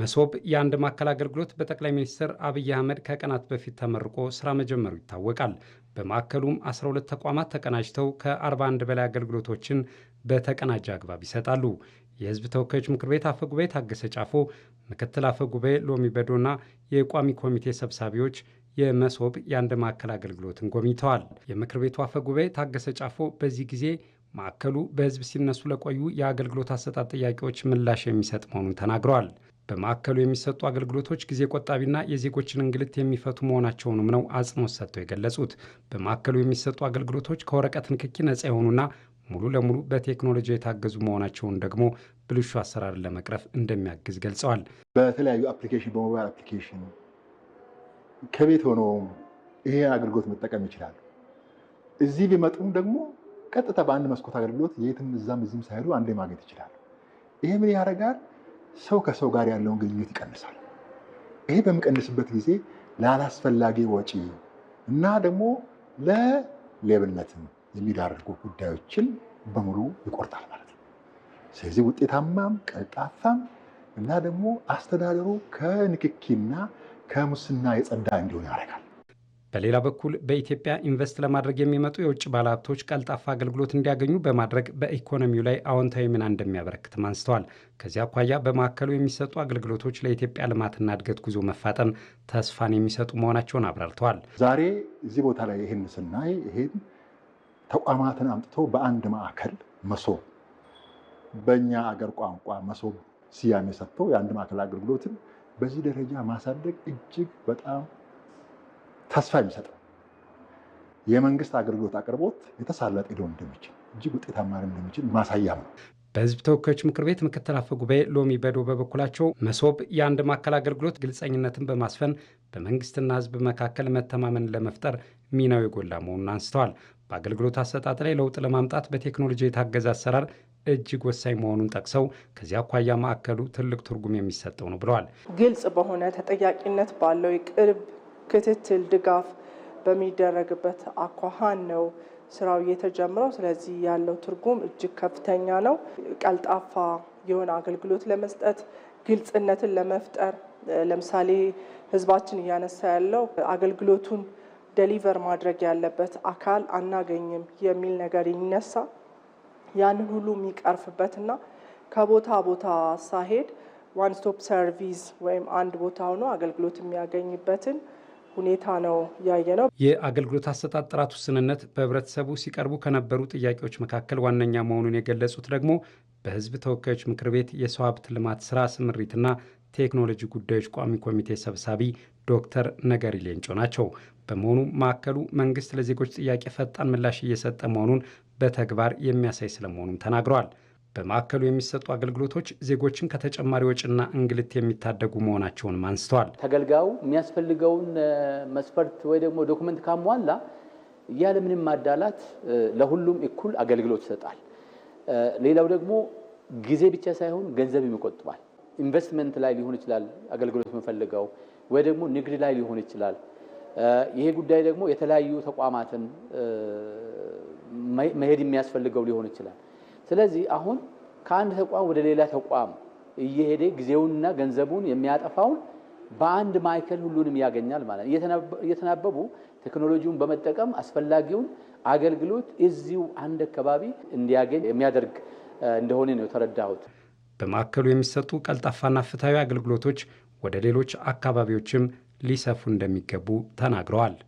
መሶብ የአንድ ማዕከል አገልግሎት በጠቅላይ ሚኒስትር አብይ አህመድ ከቀናት በፊት ተመርቆ ስራ መጀመሩ ይታወቃል። በማዕከሉም 12 ተቋማት ተቀናጅተው ከ41 በላይ አገልግሎቶችን በተቀናጀ አግባብ ይሰጣሉ። የህዝብ ተወካዮች ምክር ቤት አፈ ጉባኤ ታገሰ ጫፎ፣ ምክትል አፈ ጉባኤ ሎሚ በዶና የቋሚ ኮሚቴ ሰብሳቢዎች የመሶብ የአንድ ማዕከል አገልግሎትን ጎብኝተዋል። የምክር ቤቱ አፈ ጉባኤ ታገሰ ጫፎ በዚህ ጊዜ ማዕከሉ በህዝብ ሲነሱ ለቆዩ የአገልግሎት አሰጣጥ ጥያቄዎች ምላሽ የሚሰጥ መሆኑን ተናግረዋል። በማዕከሉ የሚሰጡ አገልግሎቶች ጊዜ ቆጣቢና የዜጎችን እንግልት የሚፈቱ መሆናቸውንም ነው አጽንኦት ሰጥተው የገለጹት። በማዕከሉ የሚሰጡ አገልግሎቶች ከወረቀት ንክኪ ነጻ የሆኑና ሙሉ ለሙሉ በቴክኖሎጂ የታገዙ መሆናቸውን ደግሞ ብልሹ አሰራርን ለመቅረፍ እንደሚያግዝ ገልጸዋል። በተለያዩ አፕሊኬሽን በሞባይል አፕሊኬሽን ከቤት ሆኖ ይህን አገልግሎት መጠቀም ይችላሉ። እዚህ ቢመጡም ደግሞ ቀጥታ በአንድ መስኮት አገልግሎት የትም እዛም እዚህም ሳይሄዱ አንዴ ማግኘት ይችላሉ። ይሄ ምን ያደርጋል? ሰው ከሰው ጋር ያለውን ግንኙነት ይቀንሳል። ይሄ በሚቀንስበት ጊዜ ላላስፈላጊ ወጪ እና ደግሞ ለሌብነትም የሚዳርጉ ጉዳዮችን በሙሉ ይቆርጣል ማለት ነው። ስለዚህ ውጤታማም ቀልጣፋም እና ደግሞ አስተዳደሩ ከንክኪና ከሙስና የጸዳ እንዲሆን ያደርጋል። በሌላ በኩል በኢትዮጵያ ኢንቨስት ለማድረግ የሚመጡ የውጭ ባለሀብቶች ቀልጣፋ አገልግሎት እንዲያገኙ በማድረግ በኢኮኖሚው ላይ አዎንታዊ ሚና እንደሚያበረክትም አንስተዋል። ከዚያ አኳያ በማዕከሉ የሚሰጡ አገልግሎቶች ለኢትዮጵያ ልማትና እድገት ጉዞ መፋጠን ተስፋን የሚሰጡ መሆናቸውን አብራርተዋል። ዛሬ እዚህ ቦታ ላይ ይህን ስናይ ይህን ተቋማትን አምጥቶ በአንድ ማዕከል መሶብ፣ በእኛ አገር ቋንቋ መሶብ ስያሜ ሰጥቶ የአንድ ማዕከል አገልግሎትን በዚህ ደረጃ ማሳደግ እጅግ በጣም ተስፋ የሚሰጥ ነው። የመንግስት አገልግሎት አቅርቦት የተሳለጠ ሄዶ እንደሚችል እጅግ ውጤታማ እንደሚችል ማሳያ ነው። በህዝብ ተወካዮች ምክር ቤት ምክትል አፈ ጉባኤ ሎሚ በዶ በበኩላቸው መሶብ የአንድ ማዕከል አገልግሎት ግልጸኝነትን በማስፈን በመንግስትና ህዝብ መካከል መተማመን ለመፍጠር ሚናው የጎላ መሆኑን አንስተዋል። በአገልግሎት አሰጣጥ ላይ ለውጥ ለማምጣት በቴክኖሎጂ የታገዘ አሰራር እጅግ ወሳኝ መሆኑን ጠቅሰው ከዚህ አኳያ ማዕከሉ ትልቅ ትርጉም የሚሰጠው ነው ብለዋል። ግልጽ በሆነ ተጠያቂነት ባለው የቅርብ ክትትል፣ ድጋፍ በሚደረግበት አኳኋን ነው ስራው እየተጀመረው። ስለዚህ ያለው ትርጉም እጅግ ከፍተኛ ነው። ቀልጣፋ የሆነ አገልግሎት ለመስጠት ግልጽነትን ለመፍጠር ለምሳሌ ህዝባችን እያነሳ ያለው አገልግሎቱን ደሊቨር ማድረግ ያለበት አካል አናገኝም የሚል ነገር ይነሳ። ያንን ሁሉ የሚቀርፍበትና ከቦታ ቦታ ሳሄድ ዋን ስቶፕ ሰርቪስ ወይም አንድ ቦታ ሆኖ አገልግሎት የሚያገኝበትን ሁኔታ ነው ያየ ነው። የአገልግሎት አሰጣጥ ጥራት ውስንነት በህብረተሰቡ ሲቀርቡ ከነበሩ ጥያቄዎች መካከል ዋነኛ መሆኑን የገለጹት ደግሞ በህዝብ ተወካዮች ምክር ቤት የሰው ሀብት ልማት ስራ ስምሪትና ቴክኖሎጂ ጉዳዮች ቋሚ ኮሚቴ ሰብሳቢ ዶክተር ነገሪ ሌንጮ ናቸው። በመሆኑ ማዕከሉ መንግስት ለዜጎች ጥያቄ ፈጣን ምላሽ እየሰጠ መሆኑን በተግባር የሚያሳይ ስለመሆኑም ተናግረዋል። በማዕከሉ የሚሰጡ አገልግሎቶች ዜጎችን ከተጨማሪ ወጪና እንግልት የሚታደጉ መሆናቸውንም አንስተዋል። ተገልጋዩ የሚያስፈልገውን መስፈርት ወይ ደግሞ ዶኩመንት ካሟላ ያለምንም ማዳላት ለሁሉም እኩል አገልግሎት ይሰጣል። ሌላው ደግሞ ጊዜ ብቻ ሳይሆን ገንዘብም ይቆጥባል። ኢንቨስትመንት ላይ ሊሆን ይችላል አገልግሎት የምፈልገው ወይ ደግሞ ንግድ ላይ ሊሆን ይችላል። ይሄ ጉዳይ ደግሞ የተለያዩ ተቋማትን መሄድ የሚያስፈልገው ሊሆን ይችላል። ስለዚህ አሁን ከአንድ ተቋም ወደ ሌላ ተቋም እየሄደ ጊዜውንና ገንዘቡን የሚያጠፋውን በአንድ ማዕከል ሁሉንም ያገኛል ማለት ነው። እየተናበቡ ቴክኖሎጂውን በመጠቀም አስፈላጊውን አገልግሎት እዚሁ አንድ አካባቢ እንዲያገኝ የሚያደርግ እንደሆነ ነው የተረዳሁት። በማዕከሉ የሚሰጡ ቀልጣፋና ፍትሐዊ አገልግሎቶች ወደ ሌሎች አካባቢዎችም ሊሰፉ እንደሚገቡ ተናግረዋል።